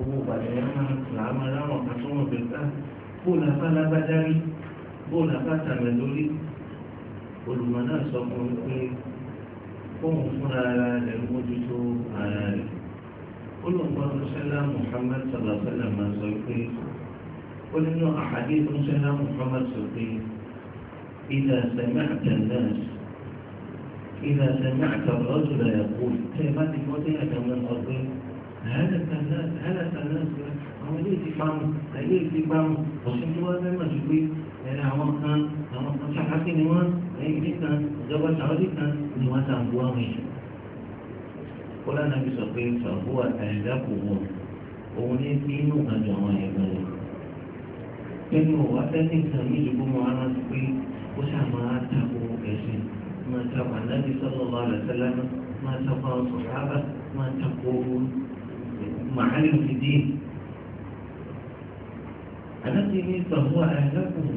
الحبوب على يمنعك العمل وحشومة الأهل قول فلا بدري قول فتا مدري قول مناسة ملكي قوم فلا لا للمجد على لي قول الله صلى محمد صلى الله عليه وسلم من سيطي قول إنه أحاديث صلى محمد سيطي إذا سمعت الناس إذا سمعت الرجل يقول كيف تكوتي أكمل أرضي hálàkà náà sọ àwọn ilé ti pamọ́ ilé ti pamọ́ ọ̀sùn tó wá mẹ́mọ̀ ju pé ẹ̀rẹ̀ àwọn kan àwọn kan ṣàkásí ni wọ́n ẹ̀yìn ilé kan ìjọba sàwọ́dì kan ni wọ́n ta àbúrò àwọn èèyàn. kọ́lá náà fi sọ pé sàbó àtàyẹ̀dá kò wọ̀ òun ní bí inú àjọ àwọn ẹ̀gbọ́n rẹ̀. pẹ̀lú ọ̀wá tẹ́sí nǹkan mi ìdìbò mọ́ ara ti pé ó ṣàmà á tako ẹ̀sìn máa tako ànábì sọ́lọ́ọ̀ máa tako àwọn sọ̀rọ̀ محل الدين àtàtì ní ìsọ̀fún àyàkùn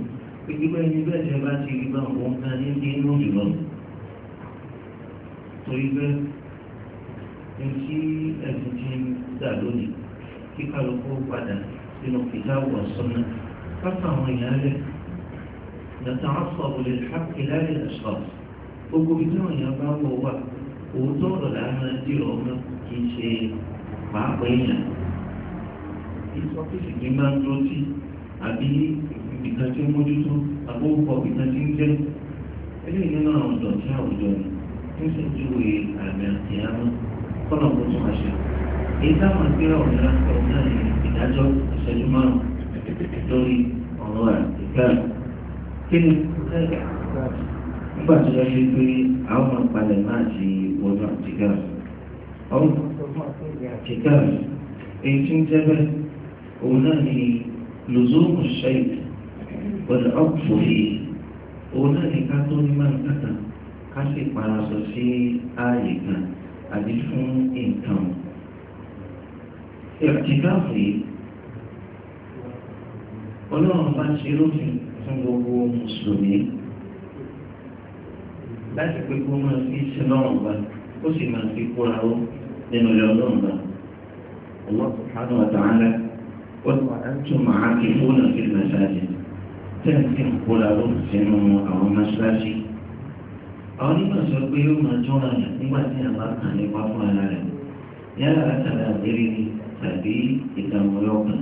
gbígbé ẹni bẹ́ẹ̀ jẹ́ bá ti rí bá wọn ká ní ní inú jùlọ. torí pé etí ẹ̀sìn ti ń dà lónìí kí kálukú padà sínú kìtàbù ọ̀sánná káfà àwọn èèyàn rẹ̀ yàtọ̀ àṣọ̀bù lè ṣàkí láyé ẹ̀ṣọ́ gbogbo ibi tí àwọn èèyàn bá wọ̀ wà òótọ́ ọ̀rọ̀ làwọn ẹ̀dí ọ̀mọ kì í ṣe máa pẹ́ yàn ìsọfíìsì kì í máa ń dúró sí àbí ìkan tí ó mójútó àbówókọ ìkan tí ń jẹ́ eléyìí nínú àwọn ọ̀dọ̀ tí àwùjọ ni tó sì ń júwe àmì àti kó èyí táwọn márùn lórí kí ni nígbà àwọn ọmọ náà ti ọ̀hún kìtàbí èyí tí ń tẹ́bẹ̀ òun náà ni lùzọ́ọ̀mù ṣẹ́yìn pẹ̀lú ọ̀pọ̀ yìí òun náà ni ká tó ní máa ń kàtà ká sì parasọ̀ sí ààyè kan àbí fún nǹkan. ìtìkáàfù yìí ọlọ́run bá ṣe lófin fún gbogbo mùsùlùmí láti pé kó máa fi ṣe lọ́rùn bá ó sì máa fi kóra ó. لأنه يرضون الله الله سبحانه وتعالى قلت أنتم عاكفون في المساجد تنسي قولا رمسين أو مساجد أولي ما سيقولوا مجونا يعني ما سينا مرقا لقفوا على العالم يا أتلا غيري تبي إذا ميوقا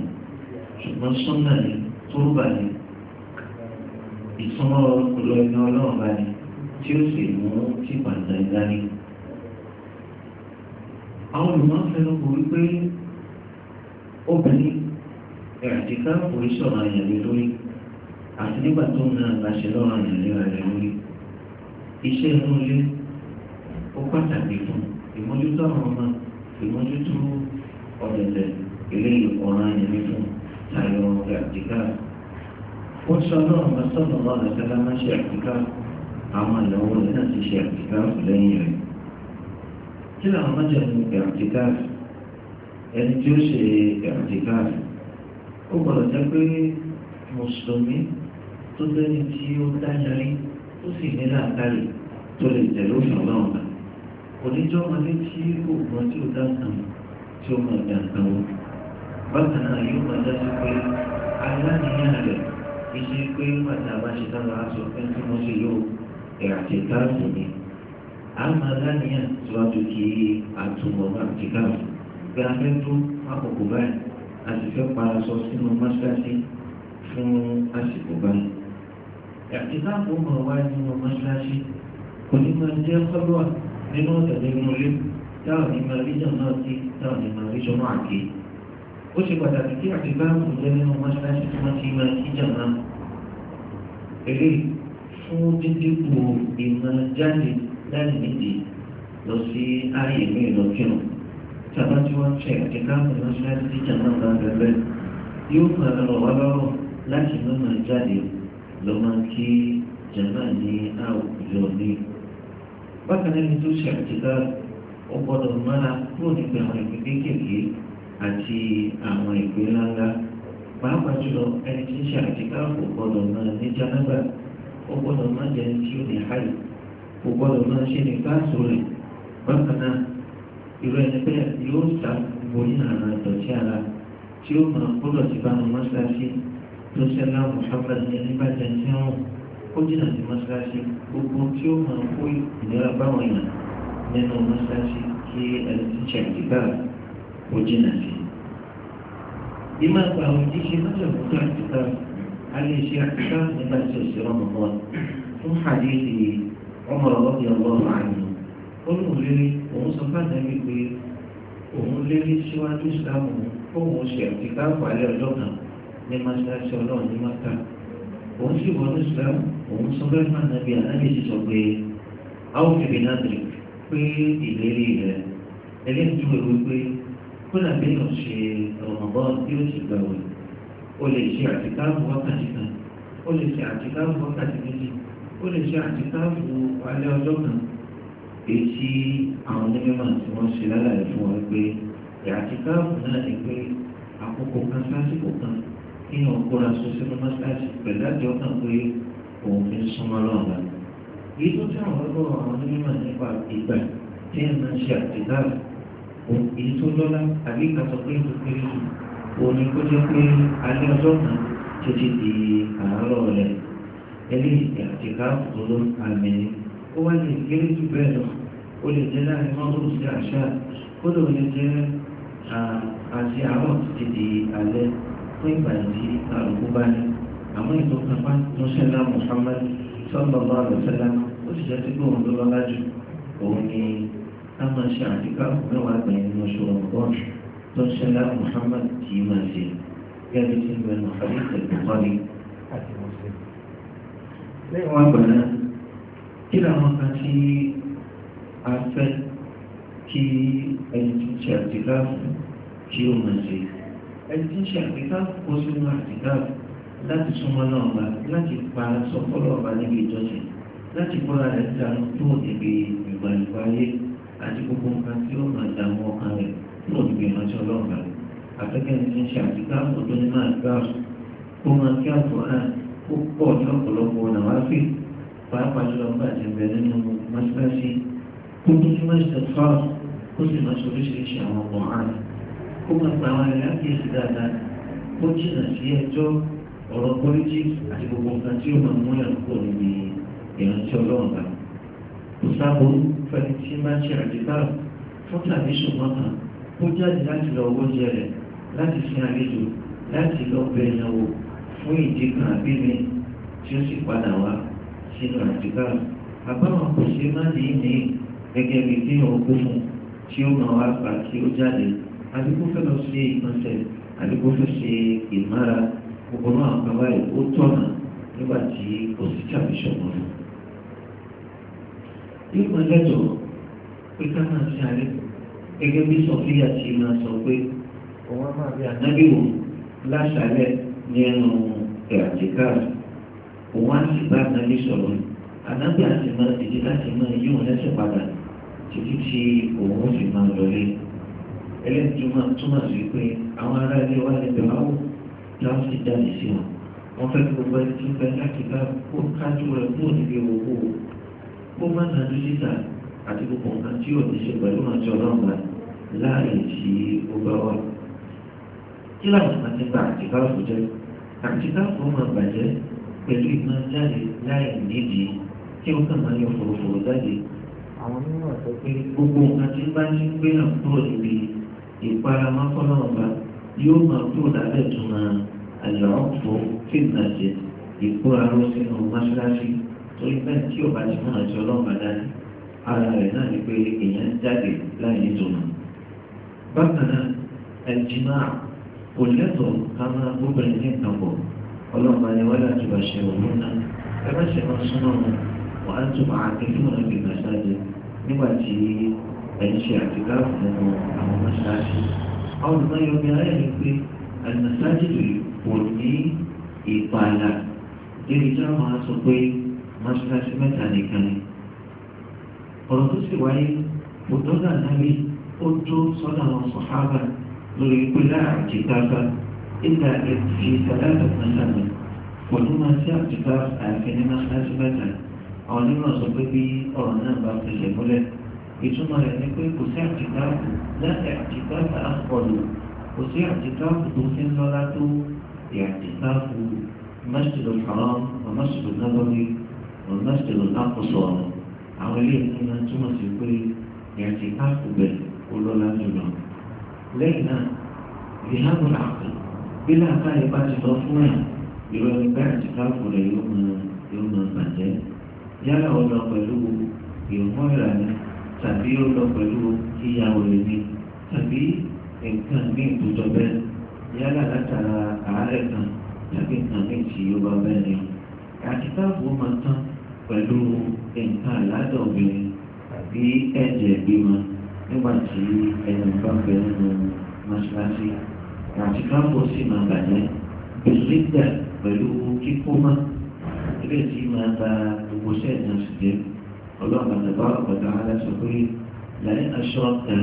شما سنة طوبة إسمار كل إنه لهم تيوسي مو تيبان دائماني àwọn olùmọ̀ fẹnu kò wípé obìnrin ẹ̀ẹ́dìkà kò sọ̀rọ̀ àyàn lé lórí àti nígbà tó ń na àgbàṣe lọ́rọ̀ àyàn rẹ̀ lórí iṣẹ́ inú ilé ó pàtàkì fún ìmójútó àwọn ọmọ ìmójútó ọ̀dẹ̀dẹ̀ eléyìí ọ̀ràn àyàn lé fún tayọ ẹ̀ẹ́dìkà ó sọ náà bá sọ̀rọ̀ lọ́dọ̀ sẹ́lá máa ṣe ẹ̀ẹ́dìkà àwọn ìyàwó rẹ̀ náà ti kí ni àwọn májèmú ẹ̀rùntìkáàfì ẹni tí ó ṣe ẹ̀rùntìkáàfì ó gbọ́dọ̀ jẹ́ pé mùsùlùmí tó lẹ́ni tí ó dáyarí ó sì ní láàkárì tó lè tẹ̀lé òfin ọlọ́run náà oníjọ́ ọmọdé tí kò gbọ́n tí ó dá nǹkan tí ó máa dá nǹkan wọn bákan náà yóò máa dá sí pé aláníyàn rẹ̀ iṣẹ́ pé pàtàkì àbáṣe táwọn aṣọ ẹni tí wọ́n ṣe yóò ẹ̀rùntìkáàfì ni àmà lánìyàn síwájú kí àtúmọ̀ náà ti káàkiri bí a fẹ́ dún àkókò báyìí a sì fẹ́ parasọ sínú mọ́ṣáláṣí fún àsìkò báyìí. ìtàkùn máa wá nínú mọ́ṣáláṣí kò ní máa jẹ́ kọ́lọ́à nínú ọ̀tẹ̀lẹ́ inú ilé táwọn ní máa rí jọ̀ọ́ náà sí táwọn ní máa rí jọ̀ọ́ náà ké. ó ṣe pàtàkì kí àtìbá kò jẹ́ nínú mọ́ṣáláṣí tí wọ́n ti máa kí jọ̀ọ́ náà. èlé fún dídínkù ìmọ̀ jáde lẹ́yìn méje lọ sí ààyè ní ìlọ́kírun tàbá tí wọ́n ṣe àkíká fún mọ́ṣáláṣí tíjà náà bá bẹ̀rẹ̀ yóò máa rọ̀ wá lọ́rọ̀ láti má máa jáde lọ́ máa kí jàmbá ní àwùjọ ní. bákan náà ni tó ṣe àkíká ó gbọ́dọ̀ mára kúrò nípa àwọn ìpín kéékèèké àti àwọn ìpín ńláńlá pàápàá jùlọ ẹni tí ń ṣe àkíká kò gbọ́dọ̀ máa ní jánábà ó gbọ́dọ̀ máa jẹun tí ó ní háyìí kò máa ṣe ní káàsù rẹ̀ bákan náà ẹni bẹ́ẹ̀ yóò ṣàbòyí àrùn àtọ̀tí ara tí ó máa gbọ́dọ̀ ti bá wọn mọ́ṣáláṣí tó ṣẹlá Muhammad ní nígbàjẹ́ tí wọ́n ó jìnnà sí mọ́ṣáláṣí gbogbo tí ó máa kó ìnira báwọn yàn nínú mọ́ṣáláṣí kí ẹni tí ṣàkíbà ó jìnnà sí. ìmọ̀ àgbà àwọn ìdíṣẹ́ mọ́ṣáláṣí tó àtìkà a lè ṣe àtìkà nígbà tí ó ọmọ ọlọ́dẹ ọlọ́run àyè ó ní òlérí òun sọ fáta mi pé òun lérí síwájú ìsìlámù fóun ṣe ìkáàpọ̀ alẹ́ ọjọ́ kan ní mọ́ṣáláṣí ọlọ́run ní mọ́ta òun sì wọ́n ní ìsìlámù òun sọ fẹ́ fáta bí ànábì ti sọ pé àwọn òfin náà dì pé ìlérí rẹ ẹlẹ́yìn tó wẹ̀ pé kódà bí ṣe ọ̀mọ̀bọ́n tí ó ti gbà wẹ̀ o lè ṣe àtikáàpọ̀ wákàtí kan o lè ṣe àtikáàpọ̀ wákàtí méjì ó lè ṣe àtìkáàfù alẹ́ ọjọ́ kan èyí tí àwọn onímọ̀ tí wọ́n ṣe lálàyé fún wọn pé àtìkáàfù náà ni pé àkókò kan sásìkò kan kí ni ọkùnrin aṣọ sínú mọ́sáàsì pẹ̀lú àti ọkàn pé òun fi ń súnmọ́ lọ́nà. èyí tó tí àwọn ọgbọ́n àwọn onímọ̀ nípa ìgbà tí ẹ̀ máa ń ṣe àtìkáàfù èyí tó lọ́lá àbí ìkàtọ̀ pé kò kéré òun ni kó jẹ́ pé alẹ́ ọjọ́ kan títí di àárọ̀ rẹ̀ eléyìí ẹ̀kẹ́ká lọ́dọ̀ àmì ni ó wá lè kéré jù bẹ́ẹ̀ lọ ó lè jẹ́ láàrin mọ́tò sí àṣà ó lè lè jẹ́ àti àárọ̀ títí di alẹ́ fún ìgbà tí àlùkò bá ní àmọ́ ètò kápá tó ṣẹlá Muhammad sọ́gbọ̀gbọ́ àlùsẹ́lá ó sì jẹ́ sí pé òun ló lọ́lá jù òun ni a máa ṣe àdíkà mẹ́wàá gbẹ̀yìn ní ọ̀gbọ́n tó ṣẹlá Muhammad kì í máa ṣe gẹ́gẹ́ bí sí ìgbẹ́ Muhammad tẹ̀lé lẹ́yìn wọn gbàdá kí làwọn kan tí a fẹ́ kí ẹni tí ń ṣe àtìkáàfù kí ó máa ṣe ẹni tí ń ṣe àtìkáàfù kó sínú àtìkáàfù láti súnmọ́ náà bá láti pa sọ́kọ́lọ́ ọba níbi ìjọsìn láti bọ́ra rẹ̀ dànù tó níbi ìgbà ìgbà ayé àti gbogbo nǹkan tí ó máa dààmú ọkàn rẹ̀ tó níbi ìrántí ọlọ́ọ̀gá àfẹ́kẹ́ ní ṣe àtìkáàfù tó ní máa kó máa kí àfọ̀ náà ó pọ̀ ní ọ̀pọ̀lọpọ̀ nàwáfì pàápàá jùlọ nígbà tí ń bẹ nínú mọ́síláṣí kó tó tí wọ́n ṣe fà ó sì máa ṣe oríṣiríṣi àwọn ọkọ̀ hàn kó máa pa àwọn ẹ̀rẹ́ àkíyèsí dáadáa ó jìnà sí ẹjọ́ ọ̀rọ̀ pọ́lítì àti gbogbo nǹkan tí ó máa mú ẹ̀rọ pọ̀ níbi ìrántí ọlọ́run bá kò sábò fẹ́ni tí máa ṣe àdìbà fún tàbí ṣùgbọ́n kan ó jáde láti lọ owó jẹ rẹ̀ láti fi àlejò láti lọ bẹ ìyàwó fún ìdí kan àbí mi tí ó sì padà wá sínú àtìká àbáwọn kò ṣe má ní ní tí ó kú fún tí ó máa wá tí ó jáde àbí kó lọ sí ìgbọ̀nsẹ̀ àbí kó ṣe ìmára gbogbo náà ó tọ̀nà nígbà tí kò sọ pé òun á máa bí ànábìwò nínú ìràjìká òun á ní ìgbà ànábì sọ̀rọ̀ ànábì àti máa tètè láti máa yí òun lẹ́sẹ̀ padà títí tí òun sì máa lọlé ẹlẹ́tùmọ̀ túmọ̀ sí pé àwọn ará ilé wa lè bẹ̀rẹ̀ wò láwọn sì jáde sí wọn wọ́n fẹ́ kí gbogbo ẹni tó fẹ́ láti bá kó kájú rẹ̀ kúrò níbi owó kó má nàdú síta àti gbogbo nǹkan tí yóò ní ṣe pẹ̀lú àti ọlọ́run láàyè tí ó bá kí láwọn máa nípa àtìkáàfù jẹ àtìkáàfù máa bàjẹ́ pẹ̀lú ìgbọ́n jáde láì nídìí tí ó kàn máa yọ fòròfòrò jáde àwọn onímọ̀ sọ pé gbogbo nǹkan tí bá ti gbé hàn kúrò níbi ìparamọ́ fọlọ́ọ̀ba yóò máa kúrò lábẹ́ ìtumọ̀ àlọ́ọ̀fọ́ fíìmàjẹ ìkó aró sínú mọ́ṣáláṣí torí bẹ́ẹ̀ tí ò bá ti múra sí ọlọ́ọ̀ba dání ara rẹ̀ náà ni pé èèyàn jáde láì nítumọ̀. bákan náà ẹ̀jìmáà kò lẹ́tọ̀ ká máa gbóbìnrin ní nǹkan bọ̀ ọlọ́mọ ni wọ́n láti bá ṣe òun náà ẹ bá ṣe máa súnmọ́ wọn wọ́n á tún máa ké fún ọ̀nà ìgbà sáájú nígbà tí ẹ̀yìn ṣe àtìká fún àwọn mọ́ṣáláṣí. àwọn olùmọ̀yọ́ mi ayé ni pé àlùmọ̀ṣáájú rẹ̀ kò ní ìpààlà débi tí wọ́n máa sọ pé mọ́ṣáláṣí mẹ́ta nìkan ni. ọ̀rọ̀ tó sì wáyé òtọ́gà náà rí ó tó sọ́dọ̀ àwọn sọ̀hábà lórí pílá àtìkáfà ìgbà ìfi sàlátà mọ́sálà kò ní máa sí àtìkáfà àìfẹ́ni mọ́sálásí bàtà àwọn onímọ̀ sọ pé bí ọ̀rọ̀ náà bá pèsè múlẹ̀ ìtumọ̀ rẹ̀ ni pé kò sí àtìkáfà láti àtìkáfà àkọlù kò sí àtìkáfà tó fi ń lọ́lá tó ìàtìkáfà masjid al-haram wa masjid al-nabawi wa masjid al-aqsa àwọn ilé ìtura túmọ̀ sí pé ìàtìkáfà bẹ̀rẹ̀ ó lọ́lá jùlọ lẹ́yìn náà ìhàmù àpè bí làákàyè bá ti lọ fún ẹ̀ ìrọ̀lẹ́ bẹ́ẹ̀ ti káfù rẹ̀ yóò máa yóò máa bàjẹ́ yálà ó lọ pẹ̀lú ìwọ̀n ìrànlẹ́ tàbí ó lọ pẹ̀lú ìyàwó rẹ̀ ni tàbí nǹkan ní ìtòjọ́ bẹ́ẹ̀ yálà látara àárẹ̀ kan tàbí nǹkan ní ìṣìyó bá bẹ́ẹ̀ ni àti káfù ó máa tán pẹ̀lú nǹkan àládọ̀ obìnrin tàbí ẹ̀jẹ̀ ìbímọ nígbà tí ẹni bá fẹ́ nínú mọ́ṣáláṣí àti káàpọ̀ sì máa bàjẹ́ gbèsèdà pẹ̀lú kíkó mọ́ ilé tí máa ba gbogbo sẹ́ẹ̀ náà sì jẹ́ ọlọ́run àdàbà ọ̀gá aláṣọ pé lẹ́yìn aṣọ ọ̀tẹ̀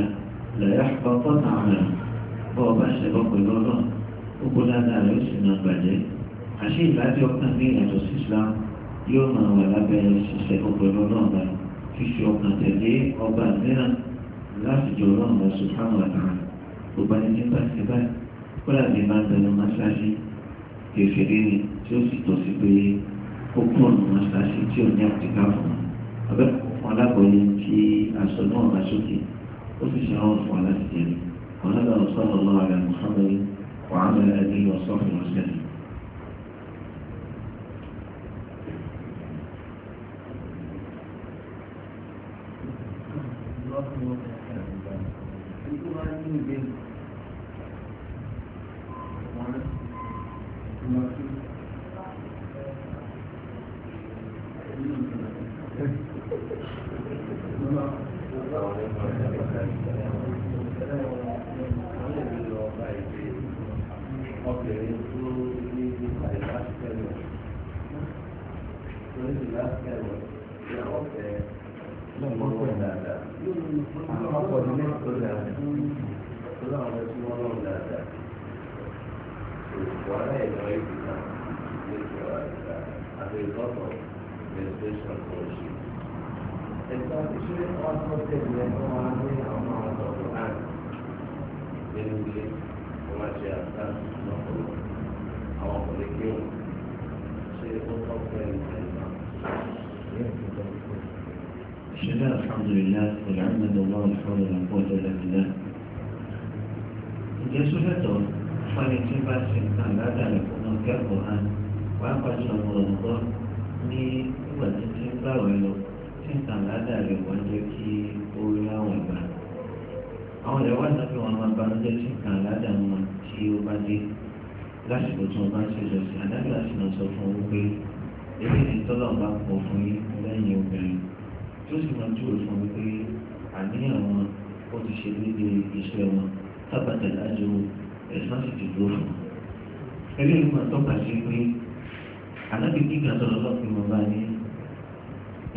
lẹ́yìn àpapọ̀ náà bọ́ ọba ṣẹ̀bọ̀ pẹ̀lú ọlọ́run gbogbo dáadáa rẹ̀ ó sì máa bàjẹ́ àṣé ìbájọ́ kan ní ìyàtọ̀ sí Islam yóò máa wà lábẹ́ ṣiṣẹ́ pẹ̀lú ọlọ́run fífi ọkàn tẹ̀lé ọba mìíràn láti jọ ọlọ́run lọ sùn fáwọn àtàrà gbogbo ẹni tí ń bá ti báyìí kọ́lá mi máa ń tẹnu mọ́ṣáláṣí kẹfìrí ni tí ó sì tọ́ sí pé ó kúrò ní mọ́ṣáláṣí tí ò ní àtìká fún abẹ́ fún alábọ̀yé tí aṣọ náà bá sókè ó sì ṣe àwọn fún aláti jẹrẹ àwọn alábàá ọ̀sán ọ̀lọ́ àrẹ mùsùlùmí wàá bẹ̀rẹ̀ ní ọ̀sán fún ọ̀sẹ̀ Thank you máa ń ní ìbéèrè One is very become this uh, as a result of menstruation bullshit. And so it should also take the commanding amount of land. Mainly, how much you have done, not for long. I want to make you. She is also very بسم الله الحمد لله والعمد الله الحمد لله والقوة إلا بالله. إذا سمعتم fẹ́ni tí bá ṣe nǹkan ládàlẹ̀ fún ọmọ kẹ́kọ̀ọ́ hàn wàá pàṣẹ ọmọ ọ̀gbọ́ ní ìgbà tí tí ń bá wẹ̀ lọ tí nǹkan ládàlẹ̀ wọ́n jẹ́ kí ó àwọn ìgbà. àwọn ìyàwó àtàkì wọn máa bá lójẹ́ tí nǹkan ládàlẹ̀ wọn tí ó bá dé lásìkò tí wọn bá ṣe lọ sí àdájọ́ àti náà fún wọn pé ebi ti tọ́lọ̀ bá pọ̀ fún yín lẹ́yìn obìnrin tí sì máa jùlọ fún mi pé àníyàn wọn ó ti ṣe déédéé iṣẹ́ wọn tábàtà lájọ ẹ̀sán sì ti dúró fún un eléyìí máa tọ́ka sí pé alábi gíga sọ̀rọ̀ lọ́pìn wọn bá ní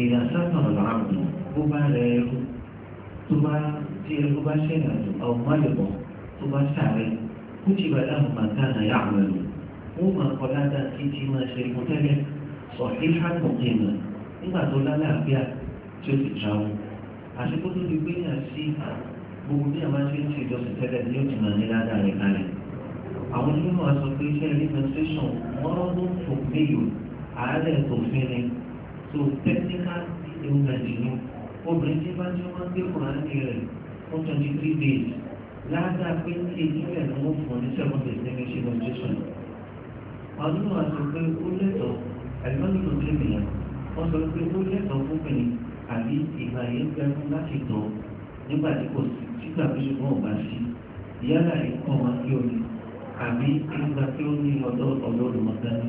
ìyá sábà ọ̀rọ̀ àbùnà bó bá rẹ ẹrú tó bá tí ẹrú bá ṣẹ̀yìn àjò ọ̀mọ́lẹ̀bọ̀ tó bá sáré kú ti bàdá màkà náà yà àwọn ẹ̀rù ó máa kọ́ ládàá kí tí máa ṣe fún tẹ́lẹ̀ sọ̀tí hàkùn jìnnà nígbà tó lálàáfíà tí ó ti tra wọn àti kó tó ti gbé yàn sí àwọn gbogbo bí àwọn ṣe ń ṣe ìjọsìn tẹ́lẹ̀ ní òtún náà ní ládàá rẹ̀ kalẹ̀. àwọn tí wọ́n sọ pé iṣẹ́ administration wọ́n ló ń fò péyò àárẹ̀ tó fi ni so technical illness ni obìnrin tí bá tí wọ́n gbé kùnà ní rẹ̀ fún twenty three days ládàá pé èyí rẹ̀ ni wọ́n fún ní seven days nínú iṣẹ́ administration. àwọn tí wọ́n sọ pé ó lẹ́tọ̀ọ́ àìmọ́ni tó tẹ̀ mí yẹn wọ́n sọ pé fún mi àbí ìgbà yẹn gbẹ́rún láti tọ̀ nígbà tí kò sí nígbà tí wọ́n bá sí yálà ikọ̀ wọn kí omi àbí nígbà tí ó ní ọ̀dọ́ ọlọ́run ọ̀gá ni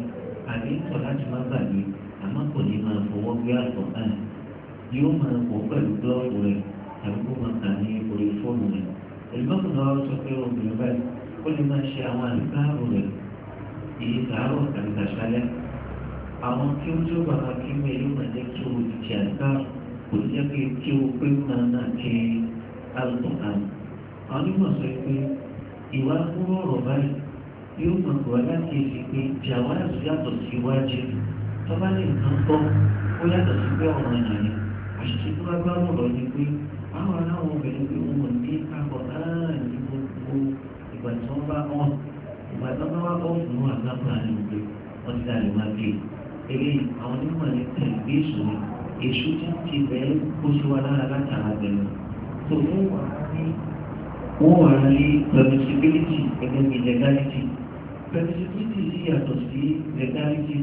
àbí kọ̀ láti má gbàgbé àmọ́ kò ní máa fọwọ́ gbé àtọ̀ náà yóò máa wọ̀ pẹ̀lú gílọ́ọ̀bù rẹ̀ tàbí kó máa kà ní orí fóònù rẹ̀ ẹ̀lùmọ́kùnrin ọ̀rọ̀ sọ pé obìnrin báyìí ó lè máa ṣe àwọn àlùkáàrò rẹ̀ èyí kàárọ̀ tàbí kàṣálẹ́ àwọn kí ó tó bàbá kí ó mẹ́rin máa jẹ́ kí ó ti ṣe àlùkáàrò kò ní jẹ́ kí ó pé máa náà kí alùpùpàn àwọn onímọ̀ sọ pé ìwà fún ọ̀rọ̀ báyìí yóò mọ̀ pé wọ́n láti fi pé jàwáàzù yàtọ̀ sí iwájú tọ́ba lè nǹkan bọ́ ó yàtọ̀ sí pé ọ̀rọ̀ ẹ̀yàn ni àṣìṣe tó bá gbá ọ̀rọ̀ ni pé àwọn aláwọ̀ obìnrin pé wọn ò ní kakọ̀ náà ní gbogbo ìgbà tí wọ́n bá ọ̀n ìgbà tí wọ́n bá wá bọ̀ fún wọn àgbàpọ̀ àlẹ́ òde wọ́n ti dàrú wá gé eléyìí àwọn onímọ̀ ní tẹ̀lé èṣù èṣù tó wọ́n wà ní wọ́n wà ní permissibility gẹ́gẹ́ bí legality permissibility sì yàtọ̀ sí legality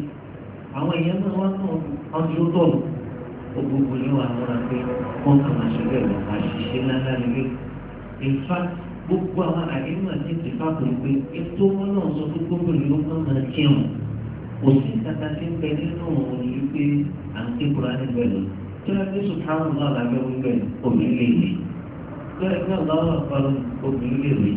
àwọn èèyàn náà wá náà ọdún tó gbogbo ní wà múra pé wọ́n kàn máa ṣe bẹ́ẹ̀ lọ́wọ́ àṣìṣe ńláńlá nílé in fact gbogbo àwọn àdéhùn àti ìtìfáàkù ni pé ètò wọn náà sọ pé gbogbo ìlú kan máa kírun kò sí kàkà tí ń bẹ nínú òun ni wípé à ń ké kura níbẹ̀ lọ tí wọ́n ti sùn káwọn náà lábẹ́ wípé òmìnir bẹ́ẹ̀ ní ọ̀gá ọ̀rọ̀ parọ́ obìnrin lè rí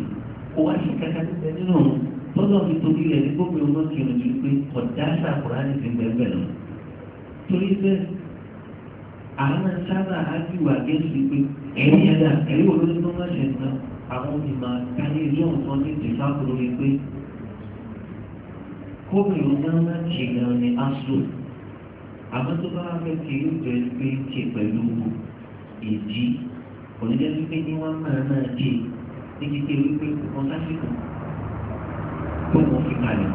kó wá ṣe kẹta ti bẹ nínú òun tọ́jọ́ fi torí rẹ̀ ní gbogbo ọmọ kìrìn ju pé ọ̀dá ṣàkóra ní ti bẹ́ẹ̀ bẹ́ẹ̀ lọ. torí bẹ́ẹ̀ àwọn sábà ájúwà gẹ̀ẹ́sì pé ẹ̀rí ẹ̀dá ẹ̀rí olórí tó má ṣe ná àwọn ìmọ̀ káyé ilé ọ̀sán ìdí kò ní jẹ́ wípé ní wọ́n máa máa dé ní kíkẹ́ wípé wọ́n lásìkò tó wọ́n fi kalẹ̀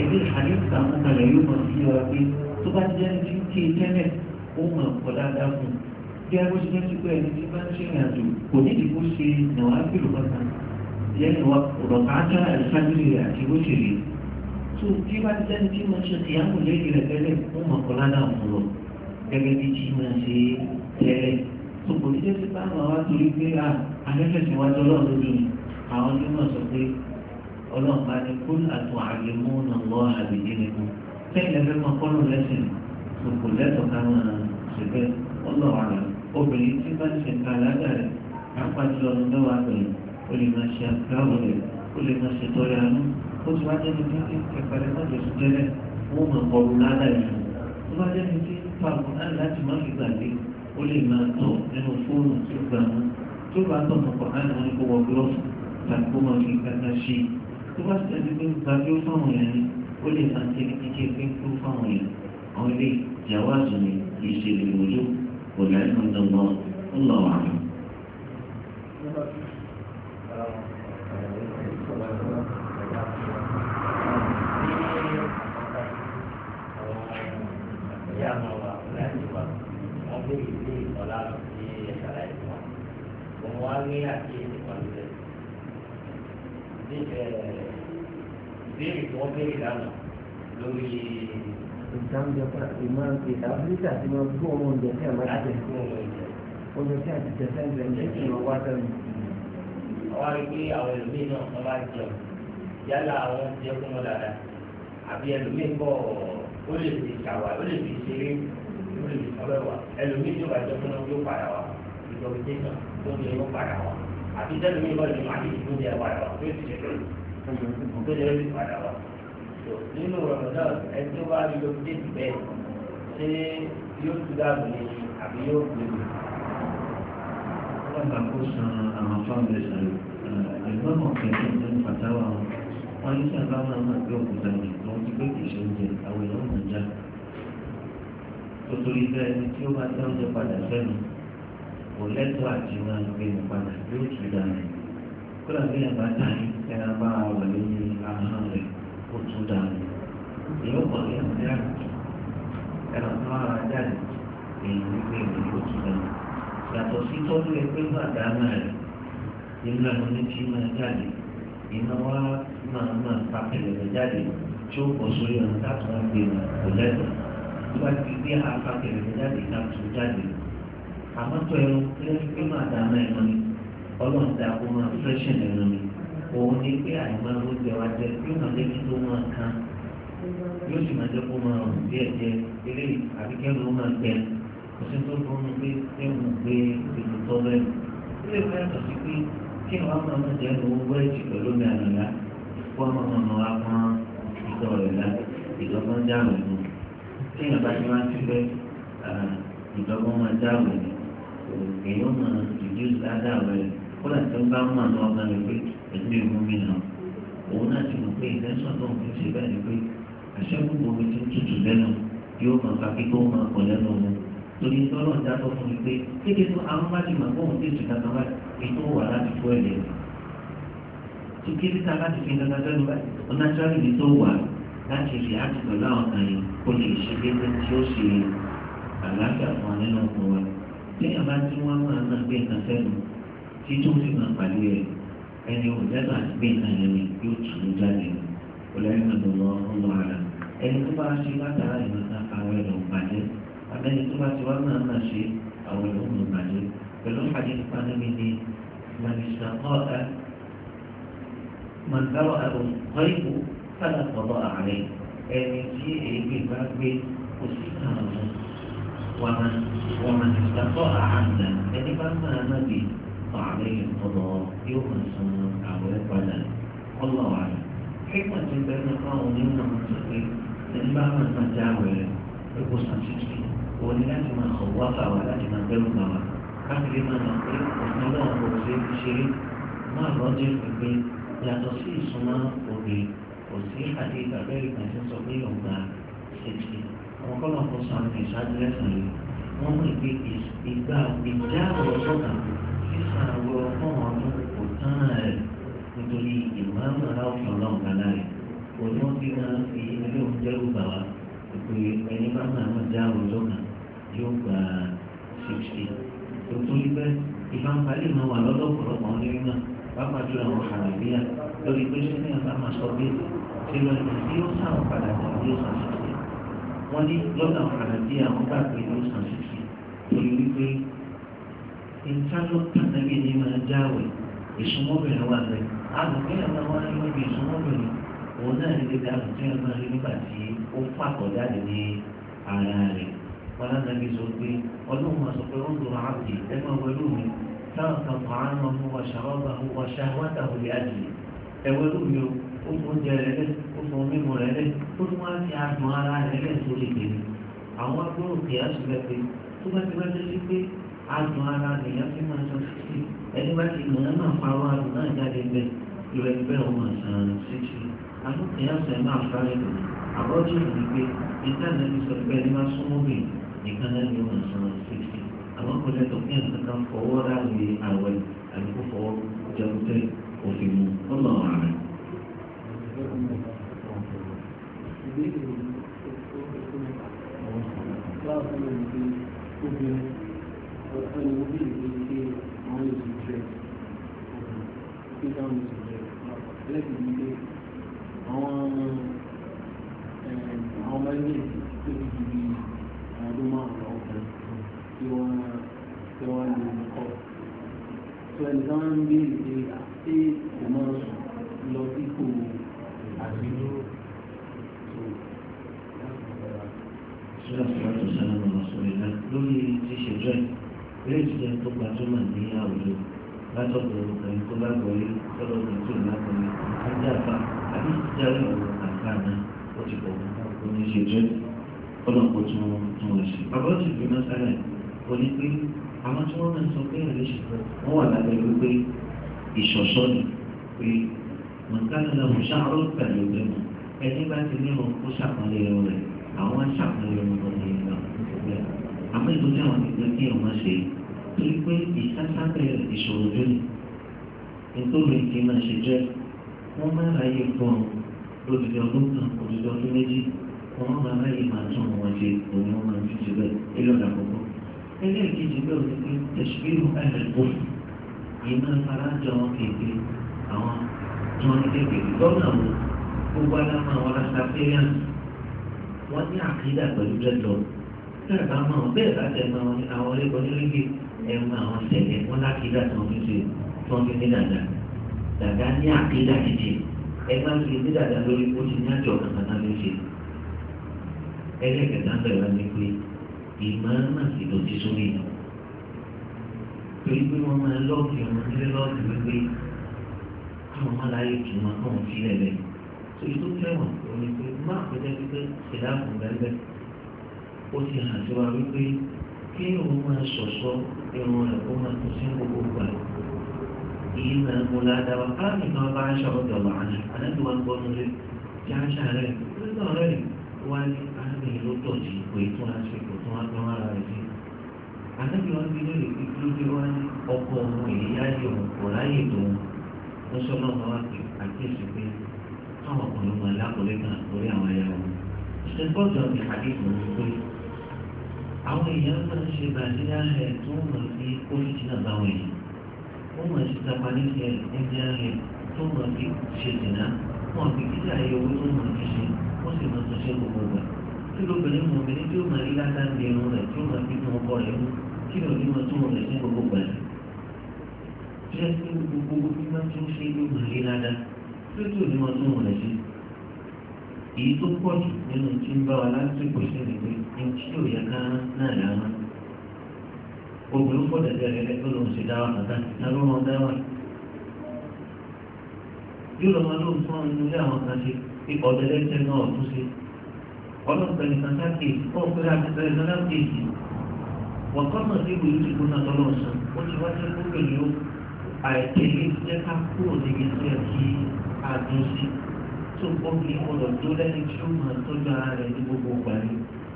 ẹgbẹ́ àdéhùn àwọn kalẹ̀ yóò mọ̀ sí ọ pé tó bá jẹ́ ti ń ké tẹ́lẹ̀ ó mọ̀ ọ́ dáadáa fún un bí a bó ṣe jẹ́ pé ẹni tí máa ń ṣe ìrìn àjò kò ní ìdí kó ṣe ìnáwó àgbèrò kọta lẹ́yìn wa ọ̀rọ̀ káàkiri àìsàgbèrè àti bó ṣe rè tó bí wá ti dání tí máa ń ṣe ìyàwó lẹ́yìn rẹ̀ tẹ́lẹ̀ ó mọ̀ ọ́ dáadáa fún un gẹ́gẹ́ bí tí máa ń ṣe tẹ́lẹ̀ tó kò ní jẹ́ sí táwọn wá torí pé àfẹ́fẹ́sì wájú ọlọ́run lójú ni àwọn tí wọ́n sọ pé ọlọ́run bá ní kó àtún àlèmú náà lọ àbèjì nìkan sẹ́yìn lẹ́fẹ́ máa kọ́ lóun lẹ́sìn tó kò lẹ́tọ̀ọ́ káwọn ṣẹ̀fẹ́ ọlọ́run rẹ̀ obìnrin tí bá ń ṣe nǹkan alága rẹ̀ apájú ọdún mẹ́wàá pẹ̀lú ó lè máa ṣe àgbáwọ̀ rẹ̀ ó lè máa ṣe tọ́lẹ̀ àánú ó ti wá jẹ́ ní títí ẹ̀pẹ̀rẹ̀ mọ́tò sí tẹ́lẹ̀ wọ́n mọ̀ ọ̀run ládàá kó lè máa tọ̀ nínú fóònù tí ó gbà mú tí ó bá tọ̀ mọ́ pọ̀ láti wọn kó wọ gílọ́ọ̀fù tàbí kó máa fi kàkà ṣe tó bá ti ẹni pé gba bí ó fáwọn yẹn ni ó lè máa ṣe ní kíkẹ́ pé kó fáwọn yẹn àwọn ilé ìyàwó àtúnì kì í ṣe lè wọlé kò láì mọ dandan ó lọ wà mí. Yeah, no, uh, that's what I'll be ìsìláàmù sí ẹ̀sàlá ìfọ̀ òun wá ní àkíyèsí kan lóde ìbéèrè tí wọ́n béèrè lánàá lórí. ìdáhùnjẹ fún àti máa ń pè áfíríkà tí wọ́n kó ọmọ oúnjẹ tí a máa ti jẹ oúnjẹ tí a ti jẹ sẹ́ńtẹ̀ ní kí wọ́n wá sẹ́nu. wọ́n á àwọn ẹlòmíín náà wọ́n bá jẹun yálà àwọn oúnjẹ fún wọn dáadáa àbí ẹlòmíín bọ̀ ọ̀ ó lè fi ìṣàwà ó lè fi ìṣeré ó lè fi ìṣàwẹ̀wà ẹlòmíì tó bá jẹ́ fún wọn padà wá ìjọba tó ń yẹ padà wá àti tẹ́lẹ̀ mi bọ́ọ̀lù máa ní ìlú ní ẹ̀wà ẹ̀wà tó ti ṣẹlẹ̀ tó ṣẹlẹ̀ ti padà wá. nínú rọ̀mọ̀dá ẹni tó bá rí lóbi dé ìbẹ́ ṣé yóò tún dáàbò ní àbí yóò gbé mi. wọ́n gbà kó san àwọn fáwọn ẹ̀sán ẹ̀gbọ́n mọ̀ kẹ́kẹ́ wọn ní sábà máa máa gbé òkúta ní wọn ti gbé kìí ṣe oúnjẹ àwọn èèyàn máa já nítorí bẹ́ẹ̀ ẹni tí ó bá tẹ oúnjẹ padà sẹ́nu kò lẹ́tọ̀ọ́ àti máa gbé ní e padà yóò tún dáná kódà bí ẹ̀ bá dání ẹ̀rọ bá wà lórí ahọ́n rẹ̀ ó tún dáná èèyàn kọ̀ ní ẹ̀rọ dáná ẹ̀rọ tó ara jáde èèyàn wípé èèyàn ó tún dáná yàtọ̀ sí tọ́jú ẹgbẹ́ bàdánà rẹ̀ nínú àwọn oníṣẹ́ máa jáde iná wa máa máa ta pẹ̀lẹ́pẹ̀ jáde tí ó pọ̀ sórí ọ̀nà láti wá gbé wọn kò lẹ́tọ̀ nígbà tí bí a ta pẹ̀lẹ́pẹ̀ jáde ká tó jáde àmọ́ tó ẹnu lẹ́nu pé máa dà máa ẹnu ni ọlọ́run dà kó máa fẹ́ṣẹ̀ ẹnu ni òun ni pé àìmọ́ ló jẹ wá jẹ yóò máa jẹ́ kí tó máa kan yóò sì máa jẹ́ kó máa rùn díẹ̀ díẹ̀ eléyìí àbíkẹ́ máa gbẹ kò sí tó fún mi pé ẹ̀hún gbé ìlú tọ́ kí wọn máa ń jẹ owó ẹjì pẹ̀lú mi àlùlá wọn máa ń mọ apọn ìtọ ìlà ìdọgbọn dáhùn ìlú kí wọn bá ti máa ti pẹ ìdọgbọn máa dáhùn ìlú èyí wọn máa dìdú ládàá rẹ kódà tó bá ń mọ àwọn ọmọ rẹ pé ẹgbẹ́ ìwú mi nà òun náà ti mọ pé ìtẹ́sán tó ń ṣe bẹ́ẹ̀ ni pé àṣẹ gbogbo omi tó tutù lẹ́nu yóò máa fa kíkó máa pọ̀ lẹ́nu ọmọ torí tọ́lọ̀ ń dátọ̀ fún mi pé kéde tó àwọn bá ti mọ̀ fóun tí ìtùkà kan bá ètò wà láti tó ẹ̀lẹ́ tó kéde tá a bá ti fi dandan lẹ́nu bá ọ̀nàjọ́rì ni tó wà láti rí àti pẹ̀lú àwọn kan yìí kó lè ṣe déédéé tí ó ṣe àlàáfíà fún wa nínú ọkọ̀ wa tí a bá tí wọ́n máa ń gbé nǹkan sẹ́nu tí tó fi máa pàdé rẹ̀ ẹni ò àti gbé nǹkan yẹn yóò tù ú jáde ọ̀lẹ́yìn بينهما سواء الماشي أو الأم الماشي فلو حديث كان من من استقاء من ذرأه طيب فلا قضاء عليه أي شيء بباب أسيطانه ومن, ومن استقاء عمدا يعني فما نبي فعليه القضاء يوم السنة أو يقبل والله أعلم حكمة بين قوم من يعني لأن بعض المجاوي يقول سنسيسك òun ni láti máa sọ wáfà wá láti máa bẹ́rù bàbá káfíńtì máa mọ̀ pé òfin náà kò ṣe é ṣeré máa lọ jẹ́ pípé yàtọ̀ sí ìsúnmọ́ òde kò sí àti ìgbàgbẹ́rì kan tí ń sọ pé òun gba ṣètì àwọn kọ́nà kò sọ àwọn ìṣáájú lẹ́sàn yìí wọ́n mú ìgbé ìgbà ìjà ọ̀rọ̀ kan sísan àwọn ọgbọ́n ọdún kò tán rẹ̀ nítorí ìmáàmù aláwọ̀ ọlọ́run kálá rẹ̀ òun ni wọ́n fi máa fi ilé oúnjẹ rúbà wá pé ẹni bá máa ń já ọ̀rọ̀ kan yóò gba sixty tuntun ibẹ̀ ìfanfàlì máa wà lọ́dọ̀ ọ̀pọ̀lọpọ̀ àwọn ẹni náà pápá ju àwọn àràbíyà lórí pé sẹ́ni àbá máa sọ bí ìṣẹ̀lẹ̀ ìdí yóò sàn padà tàbí yóò sàn sixty wọ́n ní lọ́dọ̀ àwọn àràbíyà wọ́n bá pé yóò sàn sixty torí wípé ìtàlọ́ pàtàkì ni máa jáwèé ìsúnmọ́bìnrin wà lẹ́yìn àlùkẹ́yà máa wá ní ibi ìsúnmọ́bìnrin òun náà ní dídá àlùkẹ́yà máa rí nígbà tí ó fàkọ̀ jáde ní ara rẹ̀ wọlé nàbí sọ pé ọlọ́run máa sọ pé ó ń lo àbí ẹgbẹ́ wẹlú mi táwọn kan fà á nà mú wàṣà ọba mú wàṣà wáta òye àjì ẹwẹlú mi o ó fún oúnjẹ rẹ lẹ ó fún omi mu rẹ lẹ ó tún wá sí adùn ara rẹ lẹ sórí tèmi àwọn agbóró kìí àṣìlẹ pé tó bá ti bá ti rí pé adùn ara nìyẹn fi máa sọ sí ẹni bá ti mọ̀ ẹ́ máa pa àwọn adùn náà jáde bẹ́ẹ̀ ìwé ẹgbẹ́ ọmọ sàn síkì àtúntìyàsẹ̀ máa fárẹ̀ lò àbọ̀jú ìdígbé ìtàn ẹni sọ pé ẹni máa súnmọ́ bẹ́ẹ̀ nìkan náà ni wọ́n san sixty àwọn kò lẹ́tọ̀ kí ẹ̀ka kan fọwọ́ ráàlì àwẹ̀ àdúgbò fọwọ́ jẹun tẹ òfin mu ọlọ́run àárẹ̀. Àwọn ọmọ ilé ìgbésí ti di àwọn ọdún márùn-ún ọkùnrin tí wọ́n tí wọ́n lè kọ́. tó ẹni táwọn ń bí ìdè àti kò máa sùn lọ sí kò àti dúró. Sọ́dọ̀ tó sára lọ sọ̀rọ̀ ìlà lórí ti ṣèjọ́ ẹ̀. Ilé ìtura tó gbajúmọ̀ látọ̀dọ̀ ọ̀gbìn tó lágbọ̀ọ́yé tọ́lọ̀ ọ̀gbìn tó lágbọ̀ọ́yé. Ajá àbá àbí ìjà ìwọ̀n àgbà náà ó ti pọ̀ ní ṣèjọ́ ẹ̀ ọlọ́run kò tún tún wọn ṣe. bàbá ó ti gbé mọ́sálà yìí ó ní pé àwọn tí wọ́n máa ń sọ pé ẹ̀rẹ́ ṣe wọ́n wà lábẹ́ wípé ìṣọ̀ṣọ́ ni pé mọ̀tálẹ́lá ò ṣàárọ̀ pẹ̀lú ọgbẹ́ mọ̀ ẹni bá ti ní wọn kó ṣàpọ̀lẹ́ rẹ̀ àwọn ṣàpọ̀lẹ́ wọn lọ́wọ́ yẹn náà nítorí àmọ́ ìlú tí àwọn ìgbẹ́ kí ẹ̀ ọdún kan lójijì ọdún méjì àwọn ọmọ ara yìí máa tún wọn ṣe òun wọn máa tún ṣe bẹ́ẹ̀ ẹlọ́dà kọ̀ọ̀kọ́ ẹlẹ́ẹ̀kejì bẹ́ẹ̀ ò ní pé tẹ̀síwìrù ẹ̀rẹ̀kọ́ yìí máa fara jọ wọn kéèké àwọn tí wọ́n ní kéèké lọ́nà wo gbogbo aláma wọn lásà fẹ́ràn wọ́n ní àkídà pẹ̀lú dẹ́tọ̀ bẹ́ẹ̀ bá máa bẹ́ẹ̀ bá tẹ̀ máa wọn ní àwọn ẹlẹ́kọ̀ọ́ nílé ẹ̀ máa wọn tẹ̀lé wọn wọ́n fi ẹlẹ́kẹ̀ẹ́ta bẹ̀rẹ̀ wá ní pé ìmọ̀ọ́mọ̀ sì ló ti sórí ìlú torí pé wọ́n máa lọ́ọ̀kì ọmọ nílé lọ́ọ̀kì wípé káwọn máa láyé tù wọn kọ́ wọn sílẹ̀ lẹ́yìn torí tó tẹ̀wọ̀n òní pé má pẹ́jẹ́ wípé ṣẹ̀dá kùn bẹ́ẹ̀ ó ti hàn sí wa wípé kí òun máa ṣọ̀ṣọ́ irun rẹ̀ kó máa tún sí gbogbo gbà èyí máa mú ládàá káàmì kan bá aṣọ ọ̀dọ̀ wà á ní tó wá gbọ́ nílé kí aṣọ rẹ̀ nígbà kí ló tọ̀ sí kò é tún aṣọ kò tún ara rẹ̀ sí. àtẹ́bí wọn fi lórí kíkúrú bí wọ́n ní ọkọ̀ ọmọ èyí ayé òun kò ráyè lòun ó sọ lọ́wọ́ wá pé àkíyèsí pé káwọn ọkùnrin wọn lákòólé kan lórí àwọn ẹ̀yà wọn. ṣe gbọ́dọ̀ ní àdéhùn ní pé àwọn èèyàn máa ń ṣe bàjẹ́ ààrẹ tó mọ̀ sí kófíìsì náà báwọn èèyàn wọ́n mọ̀ sí tapa ní ẹgbẹ́ ààrẹ tó mọ̀ sí ṣe wọ́n fi kíkà ayé owó tó mọ̀ sí ṣe wọ́n sì mọ̀ tó gbogbo gbà kí lóbìnrin mọ̀ obìnrin tí ó máa rí ládàá ní irun rẹ̀ tí ó máa fi fún ọkọ rẹ̀ mú kí ló ní wọn tó wọn rẹ̀ ní gbogbo gbà yìí. jẹ́ pé gbogbo bí wọ́n tún ṣe ló máa rí ládàá tí ó tó ní wọn tó wọn rẹ̀ sí. èyí tó pọ̀ jù nínú tí ń bá wa lásìkò ìṣẹ̀lẹ̀ pé ní tí ò yẹ ká náà dá wọn. obìnrin pọ̀ dẹ̀dẹ̀ rẹ̀ lẹ́kọ́ ló ń ṣe dáwà wọn dáwà. yóò lọ́ ọlọ́pẹ̀lẹ̀ sàkáàkì ọ̀pẹ̀lẹ̀ àtẹ̀lẹ̀ sàkáàkì wọ́n kọ́ mọ̀ sí ìwòye ìdìbò náà lọ́lọ́sùn ó ti wájú kúrò ní ó àìtẹ̀lé jẹ́ ká kúrò níbi tó yẹ kí a dùn sí tó gbọ́gbìn ọ̀dọ̀ tó lẹ́ni tí ó máa tọ́jú ara rẹ̀ ní gbogbo ìgbà ní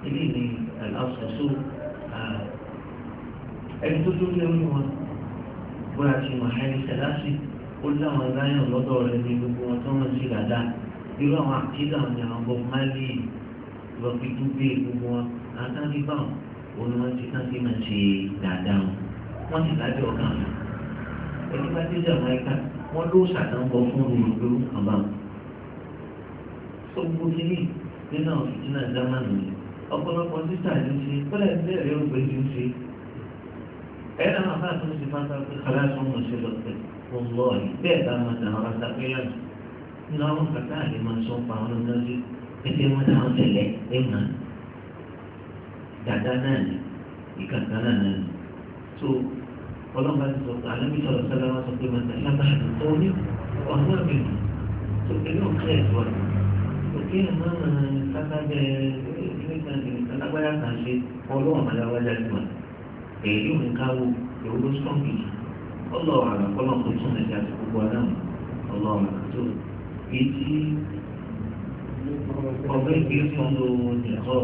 ilé ní àlásọ̀sọ́ ẹni tó tó lé wọn bóra ti mọ̀ ẹni sẹ̀láṣì ó láwọn láyọ̀ lọ́dọ̀ rẹ̀ ní gbogbo wọn tó wọ́n sí dáadáa irú àwọn àkídà àwọn bọ́ọ̀ lọ fi dúpẹ́ gbogbo wọn àwọn tán fi bá wọn òun ni wọ́n ti tán fi máa ṣe dáadáa wọn wọ́n sì lábẹ́ ọ̀gá wọn ẹni bá dé jàmbá ẹ̀ka wọ́n ló ṣàdánwò fún olùdó àbá gbogbo kìíní nínú àwọn fìtínà jámánù yìí ọ̀pọ̀lọpọ̀ títà ní ṣe kọ́lẹ̀ bẹ́ẹ̀rẹ̀ ògbé ti ń ṣe ẹ̀rọ àwọn afá tó ń ṣe fáńtà pé tó ń ṣe lọ pẹ̀ fún lọ́ọ̀rì bẹ́ẹ̀ bá máa dàn àwọn afá pé yàtọ̀ nínú àwọn kàtà àlè máa sọ pa àwọn ọmọdé ẹgbẹ́ wọn táwọn tẹ̀lé ẹ̀mà dada náà ni ìkàkà náà náà ni tó ọlọ́mọba ti sọ pé alábi sọ̀rọ̀ sọ́lá wọn sọ pé màtá sábà àtúntò ní ọ̀hún àbí tó pẹ̀lú ọ̀kẹ́ ẹ̀fọ́ òkè ẹ̀mọ́ sábà bẹ ẹ̀ẹ́dẹ́gbẹ̀ta ìgbẹ̀ta lágbára kan ṣe ọlọ́wọ́ àmàlàwájà ti wà èyí ò ní káwó èwo ló sọ̀kì ọlọ́wọ́ àgbàkọ́lọ́ ọgbẹ́ kì í fún lówó nìkọ́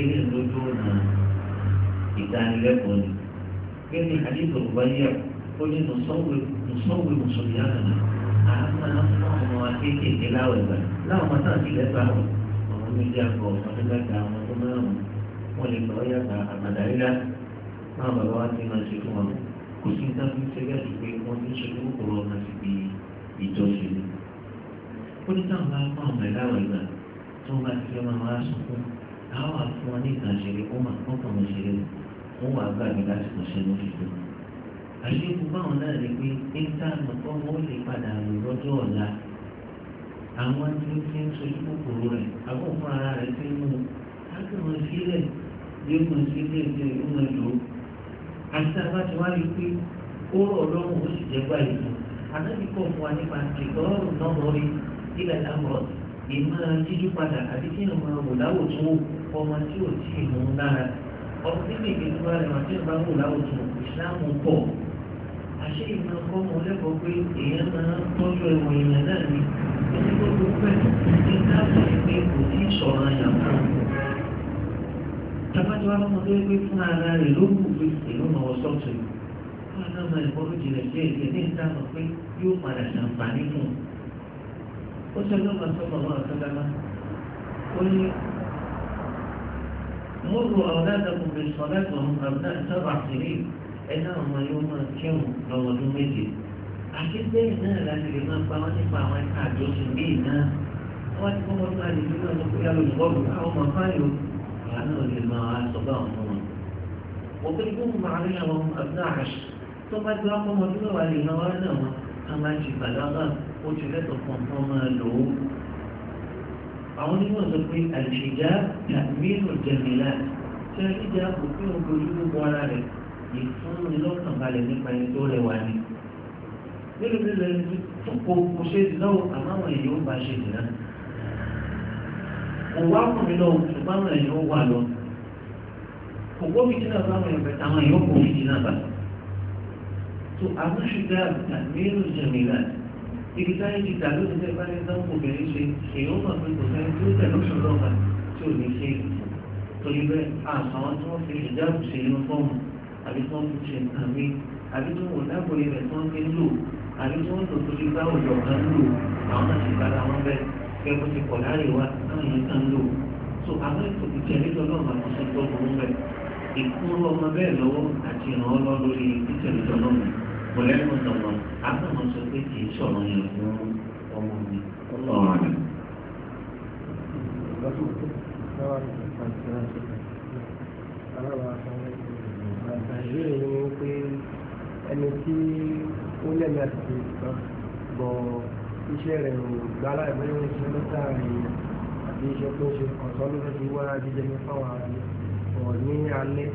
ilé lójú ọ̀nà ìdánilẹ́kọ̀ọ́ ni kí ni àdìgbò wáyé ó ní nùsọ́wé mùsùlùmí àná àmà fún ọmọ akékèké láwẹ̀ gbà láwọn ọmọ náà ti lẹ́gbàá wọn ọmọ méjì àgbọ̀ ọmọ tó lẹ́gbàá àwọn tó mẹ́rin wọn lè lọ́ọ́ yàgbà àmàdáríyà náà bàbá wa ti máa ṣe fún wọn kò sí nǹkan tó ń ṣe bẹ́ẹ̀ pé wọ́n ti ń ṣe kókòrò ọmọ síbi ìjọsìn. ó ní táwọn bá pọ̀ ọmọ ẹ̀ láwẹ̀ gbà tó bá ti fẹ́ máa wá sunkún àwọn àfún wọn ní ìtàn ṣeré ó máa kọ́ kàn wọ́n ṣeré wọ́n wà gbàgbé láti kàn ṣe lórí ìlú. àṣekú báwọn náà rí pé níta nǹkan wọn ò lè padà rò lọ́jọ́ ọ̀la àwọn tí ó ti ń sojú kòkòrò rẹ̀ àbọ̀ fún ara rẹ̀ ti mú un lágbèmọ̀ sílẹ̀ yóò mọ̀ sílẹ̀ tí ó mọ̀ lò ó. àti àbá ti wá rí pé ó rọ̀ ọlọ́run ó sì jẹ́ gbà ìmọ̀ títú padà àti kí ìmọ̀ wòláwò tó ọmọ tí ò tí ì mú lára ọmọ tí kì í fi wá lẹ́wọ̀n tí ò bá wòláwò tó ìsìláàmù pọ̀ àṣé ìmọ̀ kọ́ mọ lẹ́kọ̀ọ́ pé èèyàn máa ń tọ́jú ẹ̀wọ̀n èèyàn náà ni ẹni tó tó pẹ̀ ní káàbọ̀ pé kò tí ì sọ̀rọ̀ àyàn fún un. ọmọ tó gbé fún ara rẹ̀ ló kù pé èèyàn máa wọ sọ́ọ̀tù yìí fún ó ṣe ló máa sọ́kọ̀ máa sọ́dáná ó ní mọ́rù ọ̀dádàkùn bí sọ́dákùn àbúdá sábà sílé ẹ̀dá ọmọ yóò máa kírun lọ́wọ́ ọdún méje àti bẹ́ẹ̀ náà láti lè máa pa wọ́n nípa àwọn ẹ̀ka àjọṣin bíi náà wọ́n ti kọ́kọ́ máa lè fi máa lọ yálò ìbọ́ọ̀lù káwọn máa fáyọ̀ ìyá lè máa sọ ọmọ wọn. òpin fún ká máa ń ṣe bàlágà ó ti lẹ́tọ̀ kan kan máa lò ó. àwọn onímọ̀ sọ pé àṣìjá tàbílù jẹ̀mílà ṣe ìjà kò fi ògbó ojú bọ ara rẹ̀ ìfúnni lọ́kàn balẹ̀ nípa ẹni tó rẹwà ni. nínú nílẹ̀ tó kó kó ṣe lọ́wọ́ àmọ́ àwọn èèyàn ó bá ṣe jìnnà. òwò àkùnrin lọ ṣùgbọ́n àwọn èèyàn ó wà lọ. ògbó mi jìnnà bá àwọn èèyàn bẹ̀rẹ̀ àwọn èèyàn kò fi jìnnà bá tó àmúṣùdá tàbílù jẹ̀mìlá ibi táyé ti dàlú ní tẹ́ bá ní sáwọn obìnrin ṣe èèyàn mọ̀ pé kò sẹ́ni tó tẹ̀lé oṣù lọ́wọ́ tí ò ní ṣe torí bẹ́ẹ̀ àwọn tí wọ́n fi ìjáàbù ṣe inú fọ́ọ̀mù àbí tí wọ́n fi ṣe nǹkan mi àbí tí wọ́n dábò ilẹ̀ tí wọ́n fi ń lò àbí tí wọ́n tó tó ti bá òjò kan lò àwọn àti ìbára wọn bẹ́ẹ̀ kí wọ́n ti pọ̀ láàrin wa káwọn yẹn kan lò so àwọn ètò ìjẹ́lẹ́ lọ́wọ́ àwọn tó ń tọ́ ọmọ bẹ́ẹ̀ lọ́wọ́ àti ìrànlọ́ lórí ìtẹ̀lẹ́tọ̀ náà mọ̀lẹ́nu lọ́wọ́ àbẹ̀mọ̀ sọ pé kì í sọ̀rọ̀ yẹn fún ọmọ mi ọlọ́run rẹ̀. ẹni tí ó lẹ́nu àti ìkan bọ̀ iṣẹ́ rẹ̀ ò gbálá ìbẹ́rẹ̀ iṣẹ́ lọ́tà rẹ̀ àti iṣẹ́ tó ń ṣe ọ̀sán ló fẹ́ fi wá jíjẹ ní fáwọn àrẹ ọ̀ ní alẹ́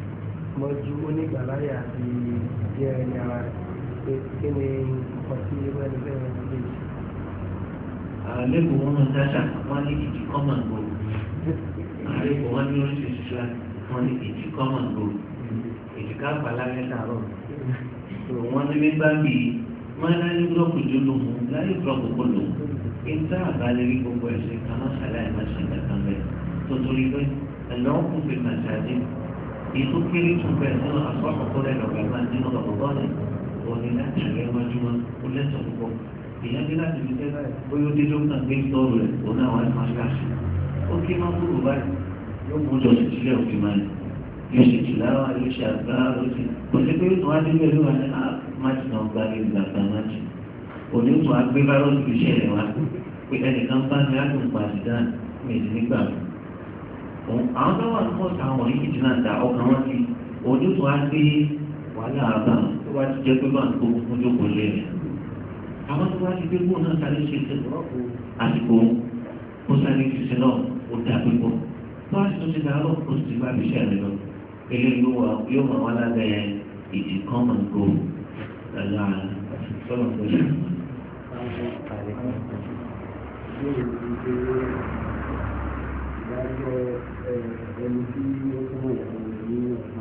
mọ́jú onígbàláyà àti ìdí ẹni ara rẹ̀ pé kí ni nǹkan tí irú ẹni bẹ́ẹ̀ ń lè ṣe. àlejò wọn mọ dáṣà wọn ní ìdí kọ́mà ń gbòòrò àlejò wọn ní oríṣiríṣi ṣá wọn ní ìdí kọ́mà ń gbòòrò ìdíkà pàlà mẹ́ta rọ̀ wọn ní bíbá bíi wọn láyé búrọ́kù jù lóhùn láyé búrọ́kù kò lóhùn ìta àbálẹ́rí gbogbo ẹ̀sìn kan máa ṣàlàyé máa ṣe kankan bẹ́ẹ̀ tó torí pé ẹ̀lọ́ kù fi màṣáájú ìtúkiri tún bẹ́ẹ̀ nínú àkọ́kọ́ rẹ̀ lọ́gbàgbà nínú ọ̀gbọ́n ọ̀pọ̀lọpọ̀ ní láti rẹ̀ mọ́júmọ́ ó lẹ́sọ̀ púpọ̀ èèyàn ní láti fi tẹ́lá bóyá ó dé dókítà gbé sọ́ọ̀rù rẹ̀ òun náà wáyé máa ṣáṣì ó kí máa kúrò báyìí yóò mú jọ sí sílẹ̀ òfin máa ní yóò ṣe jù láwà yóò ṣe àgbá ó ṣe kò sí pé wọ́n á dé pẹ̀lú wa ní ah, máàtì náà gba ní ìgbà kan máàtì òní tún á gbé fáwọn ti ṣẹlẹ̀ wa pé ẹnìkan bá ní láti ń pa àdìdá mi nígbà mi àwọn tó wà ní mọ́ta wọ̀nyí ìdí náà ta ọkàn wọn ti òní tún á gbé wàhálà àbáwọn wá ti jẹ́ pé máa ń kó ojú kò lé rẹ̀ àwọn tó wá ti gbé bóun náà sáré ṣe ṣe àsìkò ó sáré ṣiṣẹ́ náà ó dá pípọ̀ tó wá sì tún ṣe dàárọ̀ ó sì ti bá fi ṣẹ̀rẹ̀ lọ eléyìí yóò máa wá lábẹ́ ìdí kan máa ń kó ẹ̀la sọ́nà tó ṣe. Ìdájọ́ ẹni tí ó kúrò ní ọ̀sán.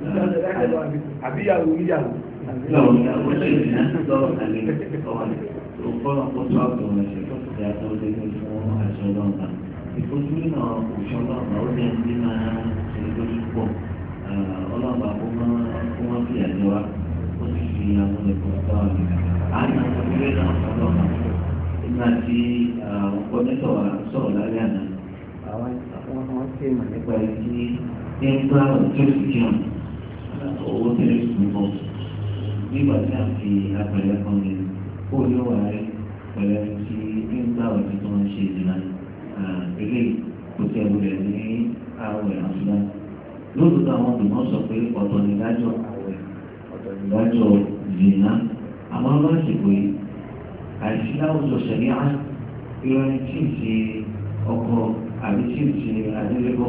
àbíyàwó níyàwó. ìfojúlẹ̀ náà òṣèlú ọ̀nà ó lè ní máa ṣe lórí pọ̀ ọlọ́ọ̀bà kó wọ́n fi àjọ wa ó sì fi àwọn ẹ̀kọ́ sọ àmì àmì ìfojúlẹ̀ náà ọ̀nà ọ̀nà nígbà tí ọ̀pọ̀lẹ́sọ̀ sọ̀rọ̀ lálẹ́ àná. àwọn ọmọ tí mà nípa ẹni tí ń gbá òtún ìjọba owó tẹ́lẹ̀ ṣùgbọ́n nígbà tí a fi apẹ̀lẹ̀ kan ní kó yóò wà rí pẹ̀lẹ́ tí ń gbà ọ̀dí tó ń ṣe ìdìnnà eléyìí kò tẹ̀ wulẹ̀ ní àwẹ̀ àfúlá. lóòótọ́ àwọn olùmọ̀ sọ pé ọ̀tọ̀ nídájọ́ àwẹ̀ ọ̀tọ̀ nídájọ́ ìdìnnà àmọ́ lásìkò yìí àìsí láwùjọ ṣẹ̀lẹ̀ á ìrìn tí ì ṣe ọkọ àbí tí ì ṣe adélébọ̀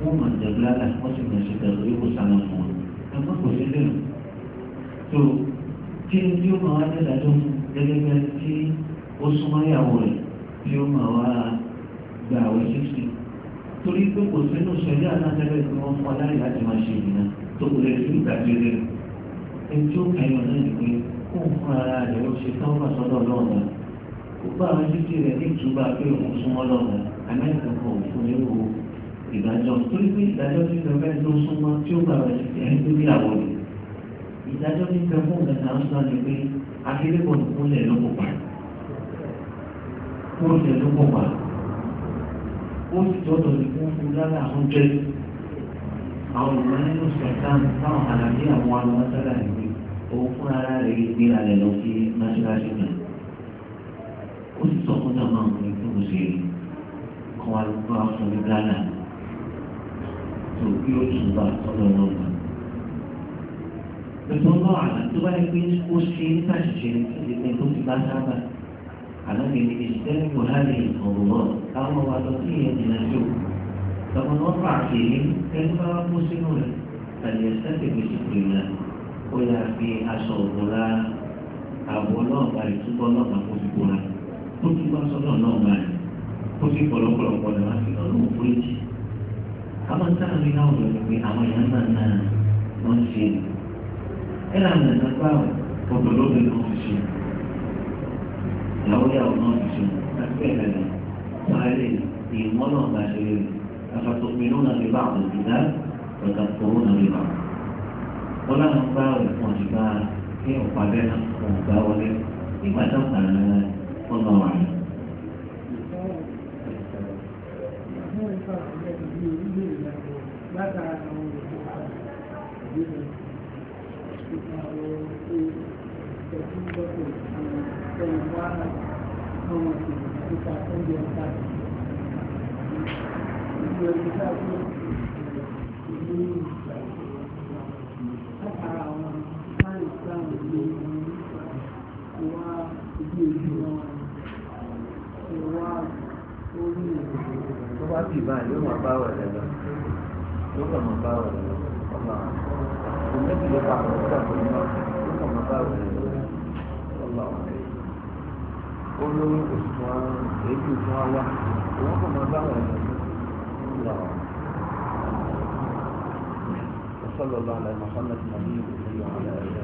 wọ́n mọ̀ jẹ̀gbẹ́lá ẹ̀mọ́ kò ṣe lè tó kí ni tí ó máa wá nílẹ̀ tó gẹ́gẹ́ bẹ́ẹ̀ tí ó súnmọ́ ìyàwó rẹ̀ tí ó máa wá gba àwẹ̀ sísè torí pé kò sínú sẹ́lẹ̀ alátẹ́lẹ̀ tí wọ́n fún aláì láti máa ṣe ìrìnà tó kò lè fi ìgbàgbé rẹ̀ ẹni tí ó kàyọ̀ náà ni pé kó ń fún ara rẹ̀ ó ṣe tán wà sọ́dọ̀ lọ́ọ̀dà ó bá àwọn sísè rẹ̀ ní ìtúbà pé òun súnmọ́ lọ́ọ̀dà amẹ́ríkà kan ò fún ewu ìdájọ́ torí pé ìdájọ́ tí fẹ́ fẹ́ tó súnmọ́ tí ó gbà wẹ̀ ẹni tó bí àwọn òbí ìdájọ́ tí fẹ́ fún ìdájọ́ àwọn sọ́nà ni pé akérèkọ́ ní kúnlẹ̀ ló kó pa kúnlẹ̀ ló kó pa ó sì tọ́tọ̀ ní kún fún lára àwọn jẹ́ àwọn olùkọ́ nínú sọ̀tàn táwọn àlàyé àwọn alùpàtàlà ìwé òun fún ara rẹ̀ gbé alẹ́ lọ sí mọ́ṣáláṣí náà ó sì sọ fún tó kí ó tù bá ọ̀dọ̀ wọn mọ̀. Ètò náà àná tó bá yẹ pé ó ṣe ń ṣàṣìṣe ìpín tó ti bá sábà. Àná mi ni ìṣẹ́lẹ̀ kò hálẹ̀ ìfọ̀rọ̀wọ́ káwọn wa lọ sí ìyẹn ìrìn àjò. Tọmọ náà fà kéé ẹni bá wá kó sínú rẹ̀ tàbí ẹ̀sẹ̀ tèmi sì pè é náà. Ó yà fi aṣọ òbúra àbọ̀ náà bá ìtúbọ̀ náà bá kó fi bóra. Ó tún bá sọ́dọ̀ náà bá Ó ti pọ̀lọ́pọ̀lọpọ̀ lè wá sí ọlọ́run fúrẹ́jì àwọn sáà ní náà wọlé pé àwọn èèyàn náà náà wọ́n ṣe é ẹ̀rọ àmì ẹ̀dá gbà ọ̀dọ̀ lóde náà ti ṣe ìyàwó yàwó náà ti ṣe àti bẹ́ẹ̀ bẹ́ẹ̀ wáyé ìwọ́n náà bá ṣe rẹ̀ afàtòmínúnà lè bá àwọn ìdá ọ̀gá kòró náà lè bá wọn láwọn gbà rẹ̀ pọ̀ jù bá kí ọ̀pá bẹ́ẹ̀ náà kò gbà wọlé nígbà tó kàn án ọ̀nà látara àwọn ètò ìlú wọn bá wà lẹ́nu yóò kàn máa bá wà lọ ọ̀la kò méjì lè pa àwọn ọ̀la tó náà yóò kàn máa bá wà lọ ọ̀la ọ̀rẹ́ olórí òṣùwọ̀n àwọn èébì fún wa òun kàn máa bá wà lọ ọ̀la وصلى الله على محمد نبيه وعلى اله